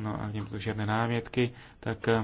No ak nebudú žiadne námietky, tak eh,